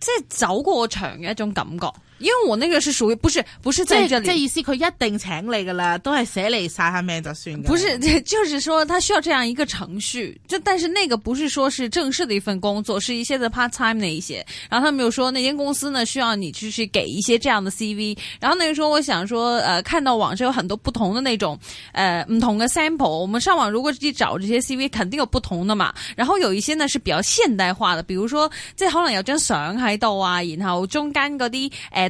即係走過場嘅一種感覺因為我那個是屬於，不是，不是，在這，這意思佢一定請你噶啦，都係寫嚟晒下命就算。不是，就是說，他需要這樣一個程序，就，但是那個不是說是正式的一份工作，是一些的 part time 那一些。然後他們又說，那間公司呢，需要你去去給一些這樣的 CV。然後那個時候我想說，呃，看到網上有很多不同的那種，呃，唔同嘅 sample。我們上網如果自己找這些 CV，肯定有不同的嘛。然後有一些呢是比較現代化的，比如說即係可能有張相喺度啊，然後中間嗰啲呃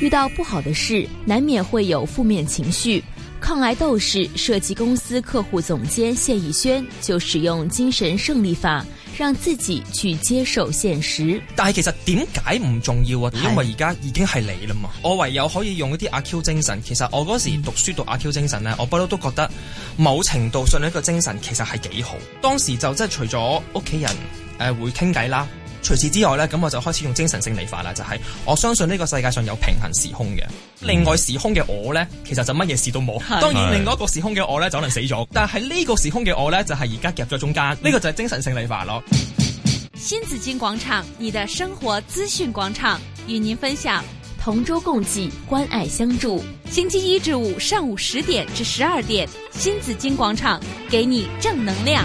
遇到不好的事，難免會有負面情緒。抗癌鬥士、設計公司客戶總監謝逸軒就使用精神勝利法，讓自己去接受現實。但係其實點解唔重要啊？因為而家已經係你啦嘛。我唯有可以用一啲阿 Q 精神。其實我嗰時讀書、嗯、讀阿 Q 精神咧，我不嬲都覺得某程度上一個精神其實係幾好。當時就即係除咗屋企人誒、呃、會傾偈啦。除此之外咧，咁我就開始用精神勝利法啦，就係、是、我相信呢個世界上有平行時空嘅、嗯，另外時空嘅我咧，其實就乜嘢事都冇。當然，另外一個時空嘅我咧，就可能死咗，但係呢個時空嘅我咧，就係而家夾咗中間，呢、嗯，這個就係精神勝利法咯。新紫荊廣場，你的生活資訊廣場，與您分享同舟共濟、關愛相助。星期一至五上午十點至十二點，新紫荊廣場給你正能量。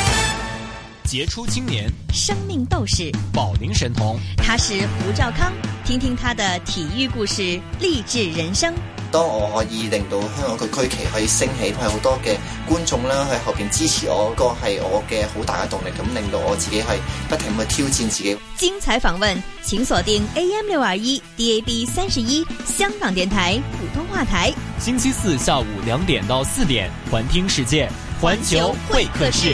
傑出青年、生命鬥士、保齡神童，他是胡兆康。聽聽他的體育故事，勵志人生。當我可以令到香港嘅區旗可以升起，都係好多嘅觀眾啦喺後邊支持我的，個係我嘅好大嘅動力，咁令到我自己係不停去挑戰自己。精彩訪問，請鎖定 AM 六二一 DAB 三十一，香港電台普通話台。星期四下午兩點到四點，環聽世界，環球會客室。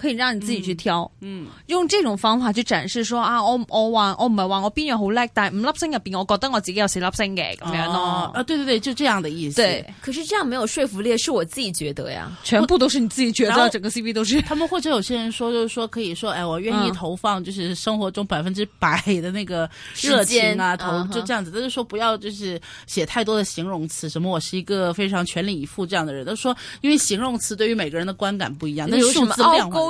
可以讓你自己去挑，嗯，嗯，用這種方法去展示說啊，我我話我唔係話我邊樣好叻，但係五粒星入邊，我覺得我自己有四粒星嘅咁樣咯。啊，對對對，就這樣的意思。對，可是這樣沒有說服力，是我自己覺得呀、啊。全部都是你自己覺得、啊，整個 CV 都是。他們或者有些人說，就是說可以說，哎，我願意投放，就是生活中百分之百的那個熱情啊，嗯、投就這樣子、uh-huh。但是說不要就是寫太多的形容詞，什麼我是一個非常全力以赴這樣的人。都、就是、說因為形容詞對於每個人的觀感不一樣，那但數字量化。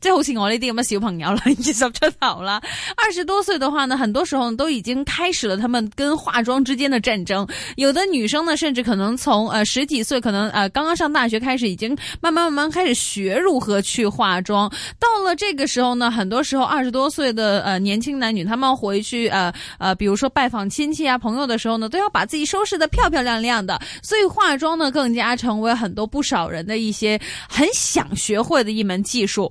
就好似我呢，啲咁嘅小朋友啦，二十出頭啦，二十多歲的話呢，很多時候都已經開始了他們跟化妝之間的戰爭。有的女生呢，甚至可能從呃十幾歲，可能呃剛剛上大學開始，已經慢慢慢慢開始學如何去化妝。到了這個時候呢，很多時候二十多歲的呃年輕男女，他們回去呃呃，比如說拜訪親戚啊、朋友的時候呢，都要把自己收拾得漂漂亮亮的。所以化妝呢，更加成為很多不少人的一些很想學會的一門技術。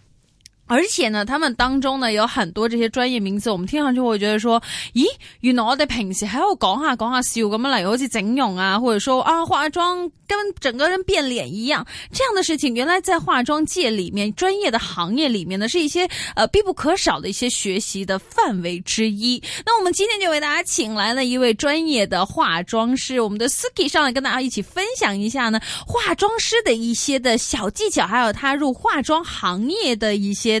而且呢，他們當中呢，有很多這些專業名詞，我們聽上去會覺得說，咦，you know 原來我哋平時喺度講下，講下笑咁樣嚟，好似整容啊，或者說啊化妝，跟整個人變臉一樣，這樣的事情，原來在化妝界裏面，專業的行業裏面呢，是一些呃必不可少的一些學習的範圍之一。那我們今天就為大家請來了一位專業的化妝師，我們的 Suki 上來跟大家一起分享一下呢，化妝師的一些的小技巧，還有他入化妝行業的一些。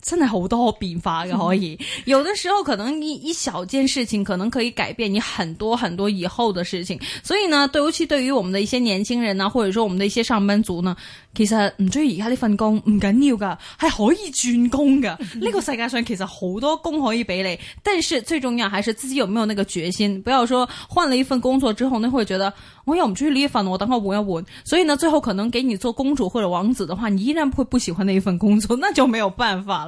真係好多變化嘅，可以有的時候可能一一小件事情，可能可以改變你很多很多以後的事情。所以呢，對尤其對於我們的一些年輕人啊，或者說我們的一些上班族呢，其實唔中意而家呢份工唔緊要噶，係可以轉工噶。呢個世界上其實好多工可以俾你，但是最重要還是自己有沒有那個決心。不要說換了一份工作之後，呢，會覺得我又唔中意呢份，我等下我要搵。所以呢，最後可能給你做公主或者王子的話，你依然會不喜歡那一份工作，那就沒有辦法了。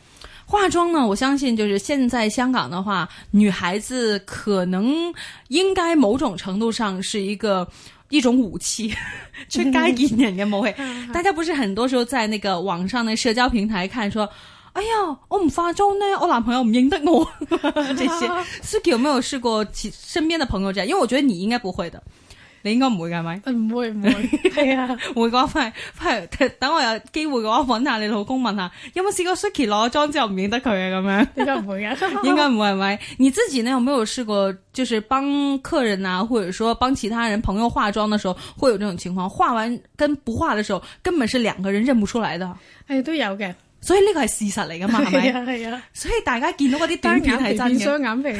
化妝呢？我相信就是現在香港的話，女孩子，可能應該某種程度上是一個一種武器，出該引人嘅誤會。大家不是很多時候在那個網上的社交平台看說，哎呀，我唔化妝呢，我男朋友唔認得我。 這些 Suki 有沒有試過其身邊的朋友這樣？因為我覺得你應該不會的。你應該唔會嘅係咪？唔會唔會係 啊，會嘅話，翻嚟翻嚟，等我有機會嘅話，我揾下你老公問一下，有冇試過 Suki 攞咗妝之後唔認得佢嘅咁樣？應該唔會嘅，應該唔會，係咪？你自己呢？有冇有試過？就是幫客人啊，或者說幫其他人朋友化妝嘅時候，會有呢種情況？化完跟不化的時候，根本是兩個人認唔出來的。係都有嘅，所以呢個係事實嚟嘅嘛，係咪，啊？係啊，啊，所以大家見到嗰啲單眼皮變雙眼皮。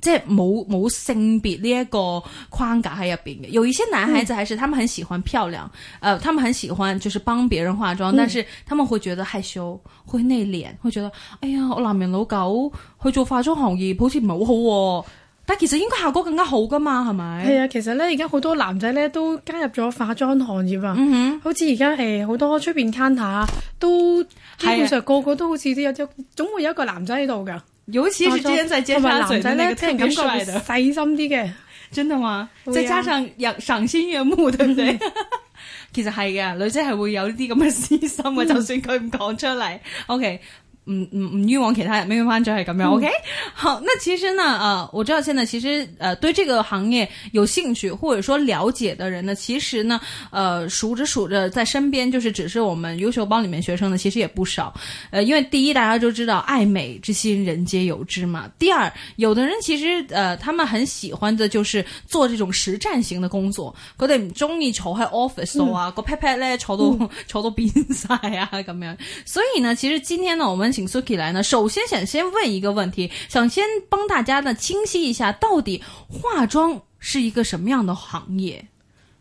即係冇冇性別呢一個框架喺入邊嘅，有一些男孩子還是他們很喜歡漂亮，誒、嗯呃，他們很喜歡就是幫別人化妝、嗯，但是他們會覺得害羞，會內斂，會覺得，哎呀，我男人老狗去做化妝行業好似唔係好好、啊，好但其實應該效果更加好噶嘛，係咪？係啊，其實咧而家好多男仔咧都加入咗化妝行業啊，嗯哼，好似而家誒好多出邊 counter 都基本上、啊、個個都好似都有啲，總會有一個男仔喺度噶。尤其是今天在街上嘴的那個特別帥的，真的嗎？再加、啊、上賞心悅目，對不對？嗯、其實係嘅，女仔係會有呢啲咁嘅私心嘅，就算佢唔講出嚟。O K。嗯嗯嗯，欲望其他也沒辦法就係咁樣。O、okay? K，好，那其實呢，呃，我知道現在其實，呃，對這個行業有興趣或者說了解的人呢，其實呢，呃，數着數着，在身邊就是只是我們優秀班裏面學生呢，其實也不少。呃，因為第一大家都知道愛美之心人皆有之嘛。第二，有的人其實，呃，他們很喜歡的，就是做這種實戰型的工作。佢哋唔中意坐喺 office 度啊，嗯、個 pat pat 咧坐到坐、嗯、到變晒啊咁樣。所以呢，其實今天呢，我們。請 Suki 來呢，首先想先問一個問題，想先幫大家呢清晰一下，到底化妝是一個什麼樣的行業？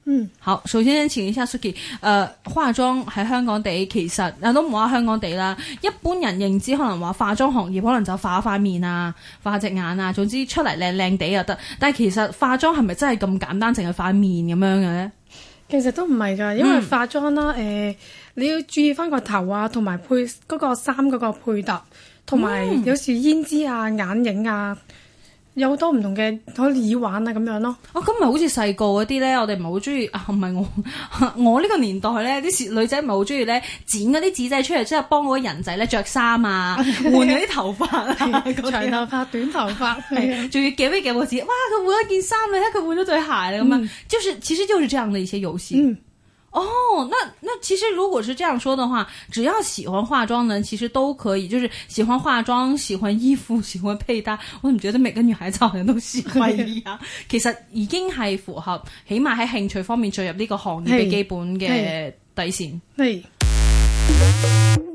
嗯，好，首先請一下 Suki，誒、呃，化妝喺香港地其實，啊、都唔話香港地啦，一般人認知可能話化妝行業可能就化塊面啊，化隻眼啊，總之出嚟靚靚地就得，但係其實化妝係咪真係咁簡單，淨係塊面咁樣嘅咧？其實都唔係噶，因為化妝啦、啊，誒、嗯。呃你要注意翻個頭啊，同埋配嗰個衫嗰個配搭，同埋有時胭脂啊、眼影啊，有好多唔同嘅嗰耳環啊咁樣咯。哦，咁咪好似細個嗰啲咧，我哋唔係好中意。啊唔係我,、啊、我，我呢個年代咧，啲女仔唔係好中意咧剪嗰啲紙仔出嚟，即係幫嗰啲人仔咧着衫啊，換嗰啲頭髮、啊、 長頭髮、短頭髮，仲要夾唔夾個紙哇！佢換一件衫你睇，佢換咗對鞋咁啊、嗯，就算其實就係噉樣嘅一些遊戲。哦、oh，那那其實如果是這樣說的話，只要喜歡化妝呢，其實都可以，就是喜歡化妝、喜歡衣服、喜歡配搭，我唔覺得每個女孩子好像都喜歡一樣。 其實已經係符合起碼喺興趣方面進入呢個行業嘅基本嘅底線。對、hey. hey.。Hey.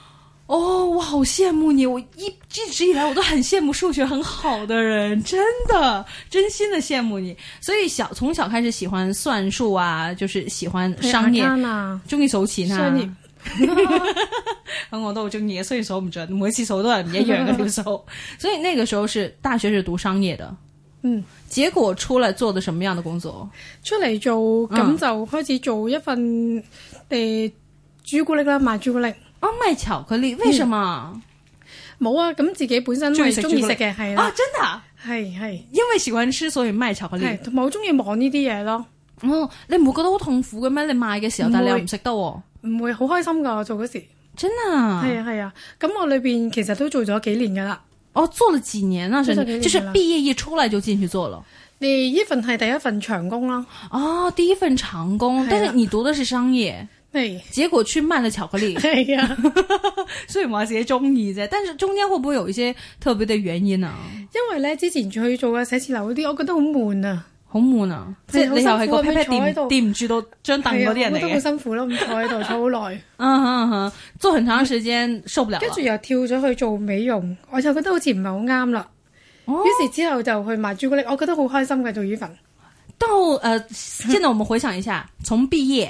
哦，我好羨慕你！我一一直以來我都很羨慕數學很好的人，真的，真心的羨慕你。所以小從小開始喜歡算數啊，就是喜歡商業，中意數起呢。我 都哈哈哈！很多我數唔準，每次數都係，唔一樣嘅，時候。所以那個時候是大學是讀商業的，嗯，結果出來做的什麼樣的工作？出嚟做咁就開始做一份誒，朱古力啦，賣朱古力。哦，賣巧克力，為什麼？冇、嗯、啊，咁自己本身都係中意食嘅，係啊、哦，真的係、啊、係，因為喜歡吃，所以賣巧克力，同埋好中意望呢啲嘢咯。哦，你唔會覺得好痛苦嘅咩？你賣嘅時候，但係你又唔食得，唔會好開心噶做嗰時，真的啊，係啊係啊。咁、啊、我裏邊其實都做咗幾年噶啦。我、哦、做了幾年啊，上，就是畢業一出來就進去做了。你呢份係第一份長工啦。哦，第一份長工、啊，但是你讀的是商業。結果去賣咗巧克力。係啊， 雖然話自己中意啫，但是中間會不會有一些特別的原因啊？因為咧之前去做嘅寫字樓嗰啲，我覺得好悶啊，好悶啊，即係你就係個 pat pat 掂，掂唔住到張凳嗰啲人嚟，覺得好辛苦咯，咁 坐喺度坐好耐，嗯嗯嗯，坐很, uh -huh, uh -huh, 坐很長時間 受不了,了，跟住又跳咗去做美容，我就覺得好似唔係好啱啦，於、哦、是之後就去賣朱古力，我覺得好、哦、開心嘅做呢份。到誒、呃，現在我們回想一下，從 畢業。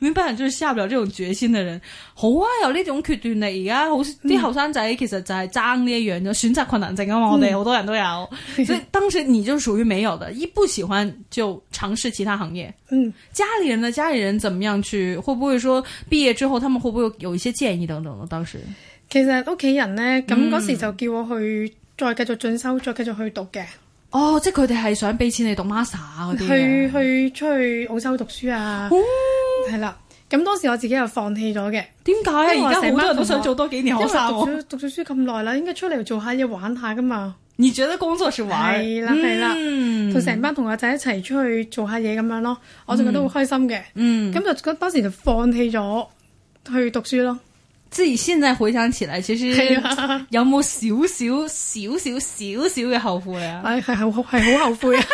明白就是下不了這種決心的人。好啊，有呢種決斷力。而家好啲後生仔其實就係爭呢一樣咯，選擇困難症啊嘛。我哋好多人都有、嗯。所以當時你就屬於沒有的，一不喜歡就嘗試其他行業。嗯，家裏人呢？家裏人怎麼樣去？會不會說畢業之後，他們會不會有一些建議等等呢？當時其實屋企人呢，咁嗰時就叫我去再繼續進修，再繼續去讀嘅。哦，即係佢哋係想俾錢你讀 master 嗰啲去去出去澳洲讀書啊，係、哦、啦。咁當時我自己又放棄咗嘅，點解啊？而家好多人都想做多幾年後生，我讀咗書咁耐啦，應該出嚟做下嘢玩下噶嘛。你覺得工作是玩？係啦係啦，同成、嗯、班同學仔一齊出去做下嘢咁樣咯，我就覺得好開心嘅。咁、嗯嗯、就當時就放棄咗去讀書咯。自己現在回想起來，其實有冇少少少少少少嘅後悔啊？係係係好係好後悔啊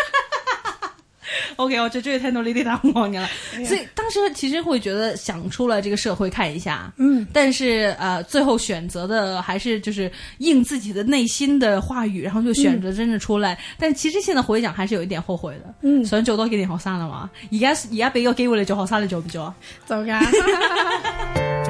！OK，我最鍾意聽到呢啲答案㗎喇，yeah. 所以當時其實會覺得想出來這個社會看一下，嗯、mm.，但是呃最後選擇的還是就是應自己的內心的話語，然後就選擇真正出來。Mm. 但其實現在回想，還是有一點後悔的。嗯，所以就多啲啲學生了嘛，而家而家俾個機會你做學生，你做唔做啊？做噶。做不做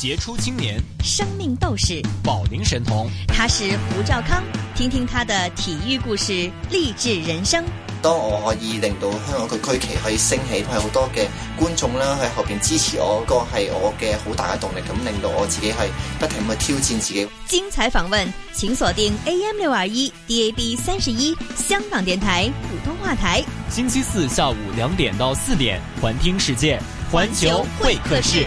傑出青年，生命鬥士，保齡神童，他是胡兆康。聽聽他的體育故事，勵志人生。當我可以令到香港嘅區旗可以升起，係好多嘅觀眾啦喺後邊支持我，個係我嘅好大嘅動力，咁令到我自己係不停去挑戰自己。精彩訪問，請鎖定 AM 六二一 DAB 三十一，香港電台普通話台。星期四下午兩點到四點，環聽世界，環球會客室。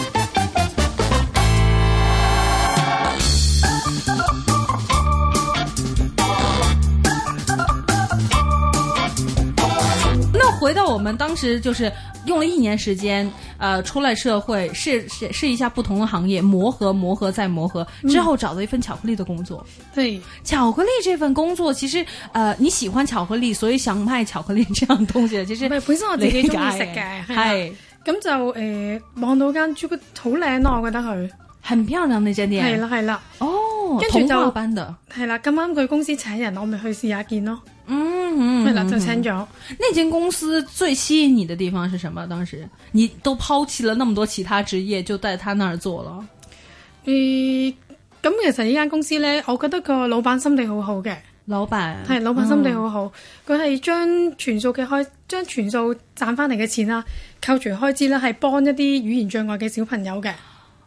回到我們當時，就是用了一年時間，呃，出來社會試試試一下不同的行業，磨合磨合再磨合，之後找到一份巧克力的工作。對，嗯，巧克力這份工作，其實呃，你喜歡巧克力，所以想賣巧克力這樣東西，其實是。本身我自己中意食嘅，係咁就誒，望、呃、到間朱古力好靚咯，哦，我覺得佢。很漂亮那間店係啦係啦哦，跟住就落班嘅係啦，咁啱佢公司請人，我咪去試下見咯。嗯，嗯係啦、嗯，就請咗。那間公司最吸引你的地方是什麼？當時你都拋棄了那麼多其他職業，就帶他那兒做咯嗯，咁、嗯嗯、其實呢間公司咧，我覺得個老闆心地好好嘅，老闆係老闆心地好好，佢係將全數嘅開，將全數賺翻嚟嘅錢啦，扣除開支啦，係幫一啲語言障礙嘅小朋友嘅。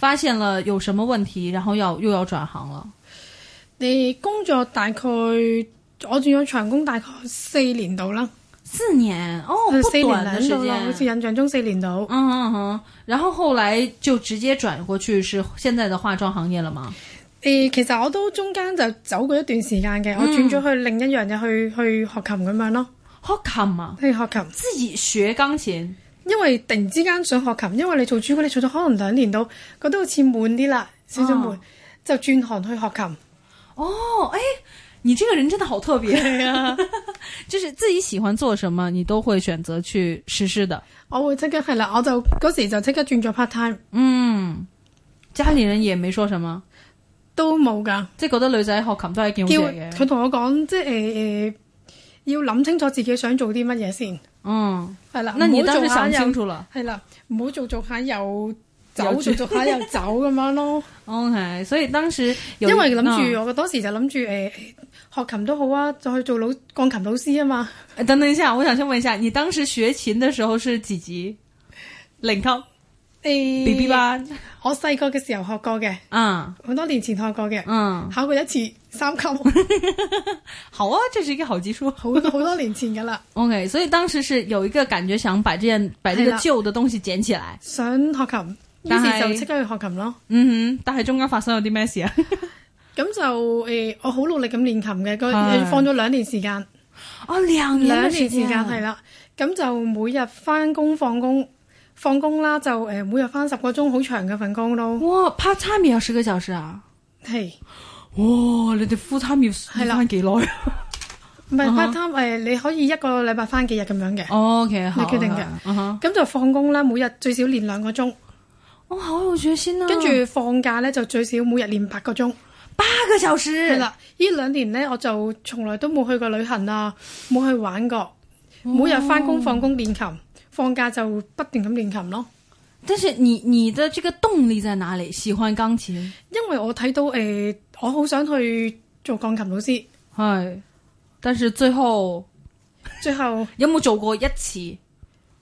發現了有什麼問題，然後要又要轉行了。你工作大概我轉咗長工大概四年度啦，四年哦，不短嘅時間，好似印象中四年度。嗯哼嗯哼，然后後來就直接轉過去，是現在的化妝行業了嗎？誒、呃，其實我都中間就走過一段時間嘅、嗯，我轉咗去另一樣嘢去去學琴咁樣咯，學琴啊，學琴，自己學鋼琴。因為突然之間想學琴，因為你做主管，你做咗可能兩年到，覺得好似悶啲啦，少少悶。哦，就轉行去學琴。哦，誒，你這個人真的好特別呀，啊、 就是自己喜歡做什麼，你都會選擇去實施的。我會即刻係啦，我就嗰時就即刻轉咗 part time。嗯，家裏人也沒說什麼，嗯、都冇噶，即係覺得女仔學琴都係一件好嘢嘅。佢同我講，即係誒、呃呃，要諗清楚自己想做啲乜嘢先。嗯，係啦，那你當時想清楚又係啦，唔好做,做做下又，又走做做下 又走咁樣咯。哦係，所以當時因為諗住、哦，我當時就諗住誒，學琴都好啊，就去做老鋼琴老師啊嘛。等、欸、等一下，我想先問一下，你當時學琴嘅時候是幾級？零級誒，B B 班。我細個嘅時候學過嘅，嗯好多年前學過嘅，嗯，考過一次。三級 好啊，這是一個好級數，好好多年前噶啦。OK，所以當時是有一個感覺，想把這件把這個舊的東西撿起來，想學琴，於是，是就即刻去學琴咯。嗯哼，但係中間發生咗啲咩事啊？咁 就誒、欸，我好努力咁練琴嘅，佢、哎、放咗兩年時間。哦，兩年兩年時間係啦。咁就每日返工放工放工啦，就誒、呃、每日返十個鐘好長嘅份工咯。哇，part time 要十個小時啊？係。哇、哦！你哋 full time 要翻幾耐？唔係、uh -huh. part time 誒、呃，你可以一個禮拜翻幾日咁樣嘅。哦，其實你決定嘅。咁、okay, okay. uh -huh. 就放工啦，每日最少練兩個鐘。我、oh, 好有決心啦、啊。跟住放假咧，就最少每日練八個鐘。八個小時。係啦，呢兩年咧，我就從來都冇去過旅行啊，冇去玩過。Oh. 每日翻工放工練琴，放假就不斷咁練琴咯。但是你你的這個動力在哪裡，喜歡鋼琴？因為我睇到誒。呃我好想去做鋼琴老師，係，但是最後， 最後有冇做過一次？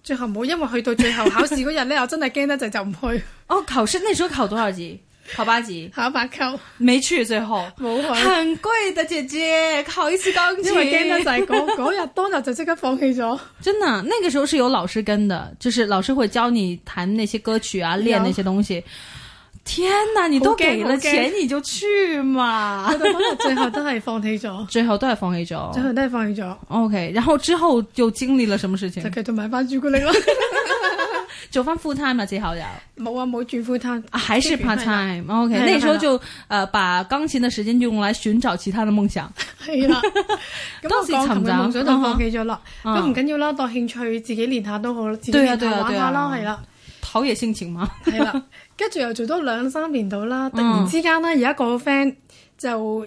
最後冇，因為去到最後考試嗰日咧， 我真係驚得滯就唔去。哦，求先你咗考多少級？考八級。考八級，級，級，沒去最後，冇去，很貴的姐姐，考一次鋼琴， 因為驚得滯 嗰日當日就即刻放棄咗。真的、啊，那個時候是有老師跟的，就是老師會教你彈那些歌曲啊，練那些東西。天哪！你都給了錢，你就去嘛！我 到最後都係放棄咗，最後都係放棄咗，最後都係放棄咗。OK，然後之後就經歷了什麼事情？就去同買翻朱古力咯， 做翻 full,、啊、full time 啊最好又冇啊冇轉 full time，啊還是 part time。OK，那時候就呃把鋼琴的時間就用來尋找其他的夢想。係啦，咁我鋼琴嘅夢想就放棄咗啦，都唔緊要啦，當興趣自己練下都好啦，自己他玩下啦，係啦、啊啊，陶冶性情嘛，係啦。跟住又做多兩三年到啦，突然之間咧，有一個 friend 就誒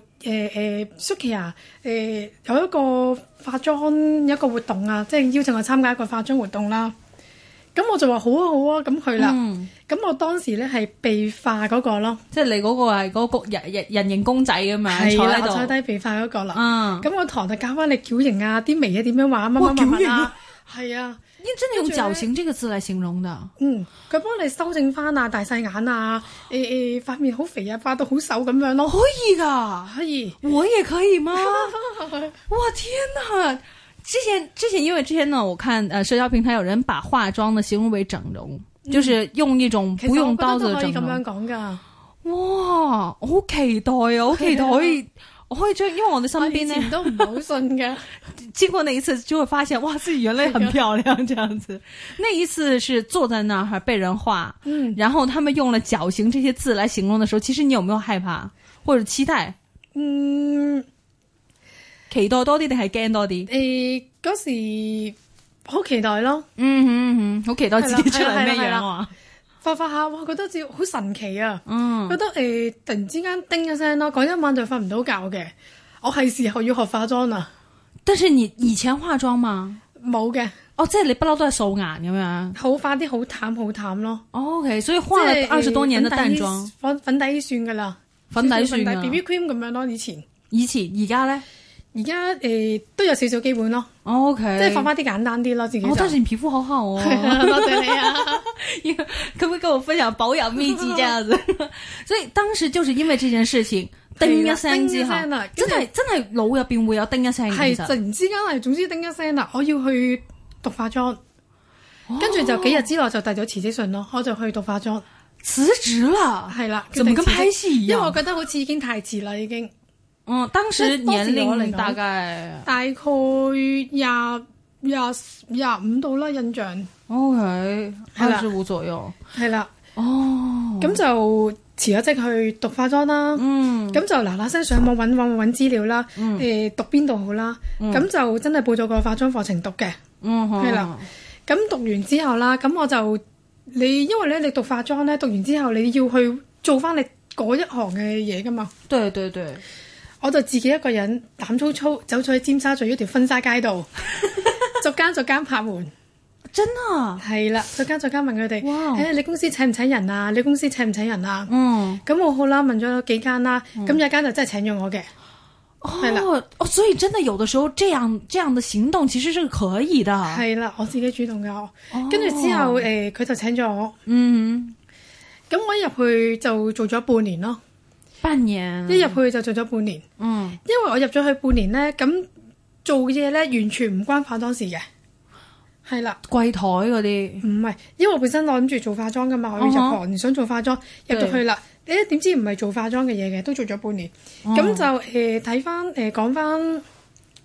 誒 Suki 啊，誒、嗯欸呃欸、有一個化妝一個活動啊，即係邀請我參加一個化妝活動啦。咁我就話好啊好啊，咁、啊、去啦。咁、嗯、我當時咧係被化嗰個咯，即係你嗰個係嗰個人人形公仔啊嘛，啊坐喺坐低被化嗰個啦。咁、嗯、我堂就教翻你矯形啊，啲眉什麼什麼什麼啊，點樣畫，乜乜乜乜啊，係啊。真係用“矯形”這個字來形容的。嗯，佢幫你修正翻啊，大細眼啊，誒、欸、誒，塊、欸、面好肥啊，化到好瘦咁樣咯，可以噶，可以。我也可以嗎？ 哇，天哪！之前之前因為之前呢，我看呃社交平台有人把化妝呢形容為整容，嗯，就是用一種不用刀子的整容。咁樣講噶，哇，好期待啊，好期待。我會就因為我哋身邊呢，都唔好信嘅。 經過那一次，就會發現哇，自己原來很漂亮這樣子。那一次是坐在那兒被人畫，嗯，然後他們用了“腳型”這些字來形容的時候，其實你有沒有害怕或者期待？嗯，期待多啲定係驚多啲？誒、欸，嗰時好期待咯，嗯嗯嗯，好期待自己出嚟咩樣啊。化化下，哇！覺得好似好神奇啊，嗯、覺得誒、欸、突然之間叮一聲咯，講一晚就瞓唔到覺嘅。我係時候要學化妝啦。但係你以前化妝嘛？冇嘅，哦，即係你不嬲都係素顏咁樣，好化啲好淡好淡咯。哦、o、okay, K，所以化咗二十多年嘅淡妝，粉粉底算噶啦，粉底算啦，B B cream 咁樣咯、啊。以前，以前而家咧，而家誒都有少少基本咯。哦、o、okay、K，即係化翻啲簡單啲咯。自己。我睇住你皮膚好好、啊、哦，多 謝，謝你啊！ 跟我分享保養秘籍，這樣子 所以當時就是因為這件事情，叮一聲之後，真係真係腦入邊會有叮一聲，係突然之間係，總之叮一聲啦，我要去讀化妝，跟、哦、住就幾日之內就遞咗辭職信咯，我就去讀化妝，辭職啦，係 啦，咁跟拍戲一樣，因為我覺得好似已經太遲啦，已經，哦、嗯，當時年、嗯、齡大概大概廿。廿廿五度啦，印象。O K，係啦，二十五左右。係啦，哦，咁、oh. 就辭咗職去讀化妝啦。嗯，咁就嗱嗱聲上網搵搵搵資料啦。Mm. 誒，讀邊度好啦？咁、mm. 就真係報咗個化妝課程讀嘅。嗯、mm -hmm.，係啦。咁讀完之後啦，咁我就你因為咧，你讀化妝咧，讀完之後你要去做翻你嗰一行嘅嘢噶嘛？對對對，我就自己一個人膽粗粗走咗去尖沙咀一條婚紗街度。 逐間逐間拍門，真啊，係啦，逐間逐間問佢哋，誒、欸，你公司請唔請人啊？你公司請唔請人啊？嗯，咁我好啦，問咗幾間啦，咁有一間就真係請咗我嘅，哦對，哦，所以真的，有的時候這樣這樣的行動其實是可以的，係啦，我自己主動嘅，跟、哦、住之後誒，佢、呃、就請咗我，嗯，嗯，咁我一入去就做咗半年咯，半年，一入去就做咗半年，嗯，因為我入咗去半年咧，咁、嗯。做嘅嘢咧，完全唔關化妝事嘅，係啦。櫃台嗰啲唔係，因為我本身我諗住做化妝噶嘛，我要入行、uh -huh. 想做化妝入到去啦。誒，點、哎、知唔係做化妝嘅嘢嘅，都做咗半年咁、uh -huh. 就誒睇翻誒講翻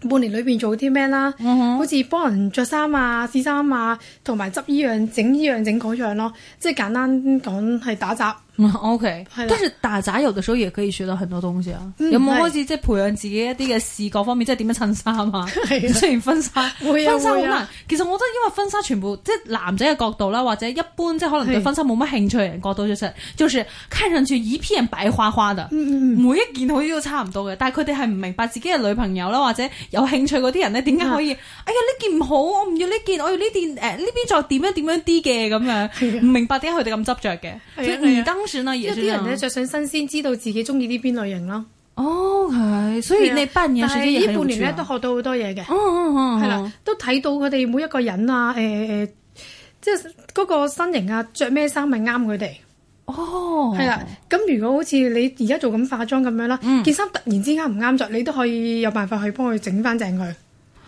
半年裏邊做啲咩啦，好似幫人着衫啊、試衫啊，同埋執依樣整依樣、這個、整嗰樣咯，即係、這個這個這個、簡單講係打雜。OK，跟住大仔有嘅時候也可以學到很多東西啊！嗯、有冇開始即係培養自己一啲嘅視覺方面，是即係點樣襯衫啊？雖然婚紗，婚紗好難。其實我覺得，因為婚紗全部即係男仔嘅角度啦，或者一般即係可能對婚紗冇乜興趣嘅人角度、就是，就是看上去以片人擺花花嘅、嗯嗯嗯。每一件好似都差唔多嘅，但係佢哋係唔明白自己嘅女朋友啦，或者有興趣嗰啲人咧，點解可以？哎呀呢件唔好，我唔要呢件，我要呢件誒呢邊再點樣點樣啲嘅咁樣，唔明白點解佢哋咁執着嘅。因為啲人咧着上新鮮，知道自己中意啲邊類型咯。哦，係，所以你半年也很，啊，但係呢半年咧都學到好多嘢嘅。嗯嗯嗯，係啦，都睇到佢哋每一個人啊，誒、呃、誒，即係嗰個身形啊，着咩衫咪啱佢哋。哦、oh。啊，係啦。咁如果好似你而家做咁化妝咁樣啦、嗯，件衫突然之間唔啱着，你都可以有辦法去幫佢整翻正佢。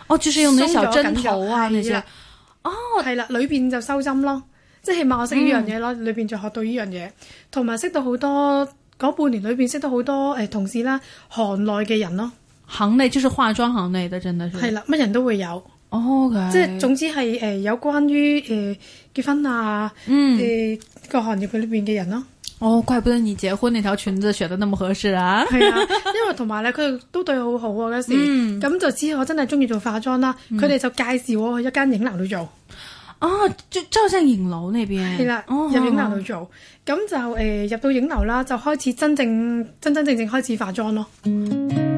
我著住用呢時好啊？套啊，呢時。哦，係啦，裏邊就收針咯。即係起碼，我識呢樣嘢咯，裏邊就學到呢樣嘢，同埋識到好多嗰半年裏邊識到好多誒同事啦，行內嘅人咯。行內，就是化妝行內的，真的是。係啦，乜人都會有。哦，okay、即係總之係誒、呃，有關於誒、呃、結婚啊，誒、嗯呃這個行業佢裏邊嘅人咯。哦，怪不得你結婚那條裙子選得那麼合適啊！係 啊，因為同埋咧，佢哋都對我好好啊嗰時。嗯。咁就知我真係中意做化妝啦，佢、嗯、哋就介紹我去一間影樓度做。哦，即即係喺影樓呢邊，係啦、哦，入影樓度做，咁、哦、就誒、呃、入到影樓啦，就開始真正真真正正開始化妝咯。嗯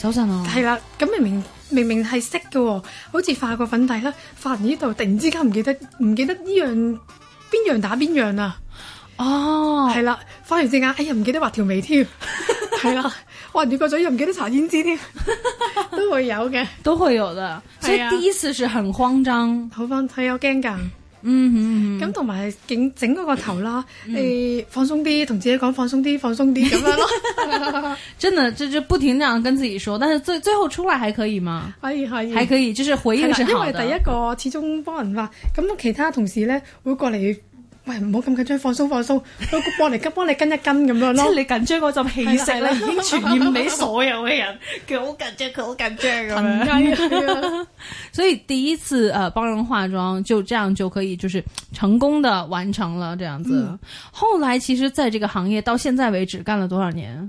手震啊，係啦，咁明明明明係識嘅，好似化個粉底啦，化完呢度突然之間唔記得，唔記得呢樣邊樣打邊樣啦，哦，係啦，化完隻眼，哎呀唔記得畫條眉添，係 啦，畫完個嘴又唔記得搽胭脂添，都會有嘅，都會有嘅，所以第一次是很慌張，好翻、啊，係有驚噶。嗯，嗯，咁同埋整整嗰個頭啦，誒、嗯欸，放鬆啲，同自己講，放鬆啲，放鬆啲咁樣咯。 真的，就就不停咁樣跟自己說，但是最最後出來還可以嗎？可以，可以，還可以，就是回應是好的，是因為第一個始終幫人話，咁、嗯、其他同事咧會過嚟。喂，唔好咁緊張，放鬆放鬆，幫你跟幫你跟一跟咁 樣咯。即係你緊張嗰陣氣勢咧，已經傳染俾所有嘅人。佢好緊張，佢好緊張咁樣。 所以第一次誒幫、呃、人化妝，就這樣就可以，就是成功地完成了這樣子。嗯、後來其實，在這個行業到現在為止，幹了多少年？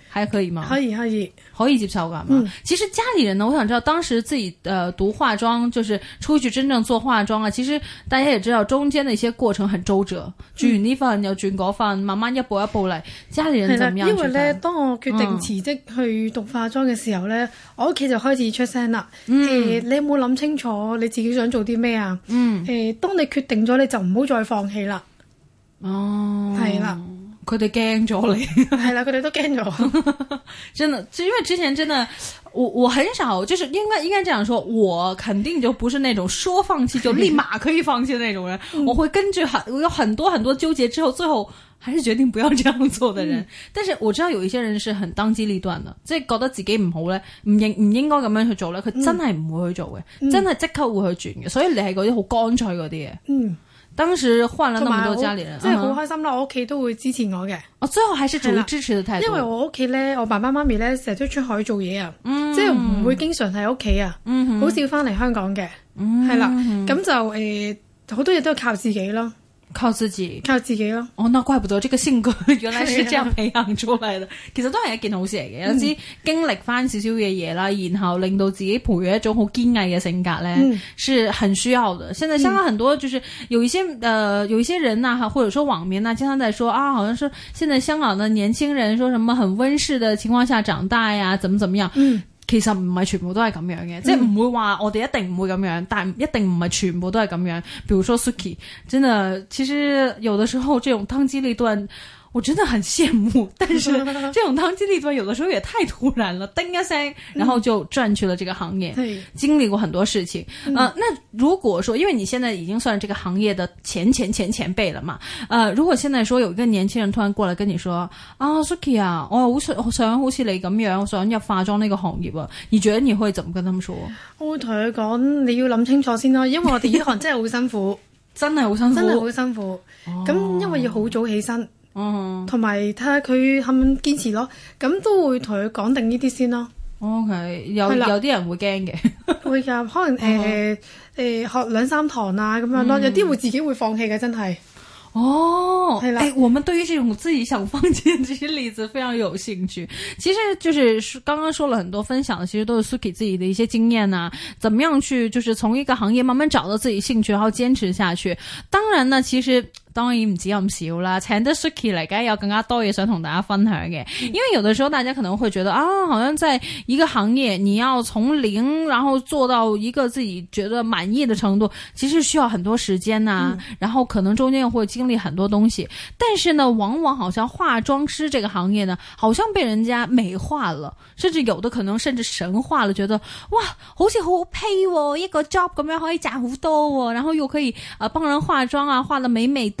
還可以嗎？可以可以，可以接受唔錯噶嘛。嗯，其實家裏人呢，我想知道當時自己，誒、呃，讀化妝就是出去真正做化妝啊。其實大家也知道中間的一些過程很周折，轉完呢份又轉嗰份，慢慢一步一步嚟。家裏人怎麼樣？因為呢，當我決定辭職去讀化妝嘅時候呢、嗯，我屋企就開始出聲啦、嗯呃。你有冇諗清楚你自己想做啲咩啊？嗯、呃，當你決定咗，你就唔好再放棄啦。哦，係啦。佢哋驚咗你？哦，係啦，佢哋都驚咗，真的，因為之前真的，我我很少，就是應該應該這樣說，我肯定就不是那種說放棄就立馬可以放棄那種人，嗯，我會跟住很，我有很多很多糾結之後，最後還是決定不要這樣做的人。嗯，但是我知道有一些人是很當機立斷嘅，即係覺得自己唔好咧，唔應唔應該咁樣去做咧，佢真係唔會去做嘅，嗯嗯，真係即刻會去轉嘅。所以你係嗰啲好乾脆嗰啲嘢嗯。當時換了那麼多家裏人，即係好開心啦。我屋企都會支持我嘅。我、哦、最後還是屬於支持的態度，因為我屋企咧，我爸爸媽媽咪咧成日都出海做嘢啊，即係唔會經常喺屋企啊，好少翻嚟香港嘅，係、嗯、啦咁就誒好、呃、多嘢都要靠自己咯。靠自己，靠自己咯。哦、oh，那怪不得這個性格原來是這樣培養出來的。 其實都係一件好事嚟嘅，有、嗯、啲經歷翻少少嘅嘢啦，然後令到自己培養一種好堅毅嘅性格咧、嗯，是很需要的。現在香港很多，就是有一些，嗯、呃有一些人啊，哈，或者說網民啊，經常在說啊，好像是現在香港的年輕人說什麼很溫室的情況下長大呀、啊，怎麼怎麼樣。嗯其實唔係全部都係咁樣嘅、嗯，即係唔會話我哋一定唔會咁樣，但係一定唔係全部都係咁樣。譬如說 Suki 真係，其實有時候，這種當機立斷。.我真的很羨慕，但是這種當機立斷有的時候也太突然了， 叮一聲，然後就轉去了這個行業。嗯、經歷過很多事情、嗯，呃，那如果說，因為你現在已經算是這個行業的前前前前輩了嘛，呃，如果現在說有一個年輕人突然過來跟你說 啊，Suki 啊，哦、我好想好似你咁樣，我想入化妝呢個行業啊，你覺得你可以怎麼跟他們說？我會同佢講，你要諗清楚先咯，因為我哋呢行真係好辛， 辛苦，真係好辛苦，真係好辛苦。咁因為要好早起身。.哦、嗯，同埋睇下佢肯唔肯堅持咯，咁都會同佢講定呢啲先咯。哦、okay，係，有有啲人會驚嘅， 會噶，可能誒誒、呃嗯呃、學兩三堂啊咁樣咯，有啲會自己會放棄嘅真係。哦，係啦、欸，我們對於這種自己想放棄嘅這些例子非常有興趣。其實就是剛剛說了很多分享，其實都是蘇 K 自己的一些經驗啦、啊，怎麼樣去就是從一個行業慢慢找到自己興趣，然後堅持下去。當然呢，其實。當然唔止咁少啦，請得 Suki 嚟梗係有更加多嘢想同大家分享嘅。因為有啲時候，大家可能會覺得啊，好像在一個行業，你要從零，然後做到一個自己覺得滿意的程度，其實需要很多時間啊、嗯。然後可能中間又會經歷很多東西，但是呢，往往好像化妝師這個行業呢，好像被人家美化了，甚至有的可能甚至神化了，覺得哇，好似好 pay 喎、哦，一個 job 咁樣可以賺好多喎，然後又可以啊幫、呃、人化妝啊，化得美美的。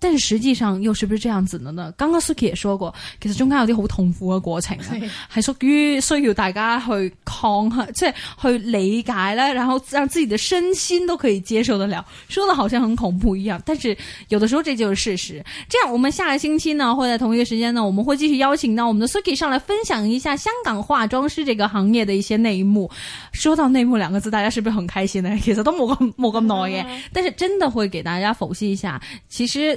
但是實際上又是不是這樣子呢？呢，剛剛 Suki 也說過，其實中間有啲好痛苦嘅過程，啊，係屬於需要大家去抗衡，即係去理解了，然後讓自己的身心都可以接受得了。說得好像很恐怖一樣，但是有的時候這就是事實。這樣，我們下個星期呢，會在同一個時間呢，我們會繼續邀請到我們的 Suki 上來分享一下香港化妝師這個行業的一些內幕。說到內幕兩個字，大家是不是很開心呢？其實都冇咁冇咁耐嘅，但是真的會給大家剖析一下，其實。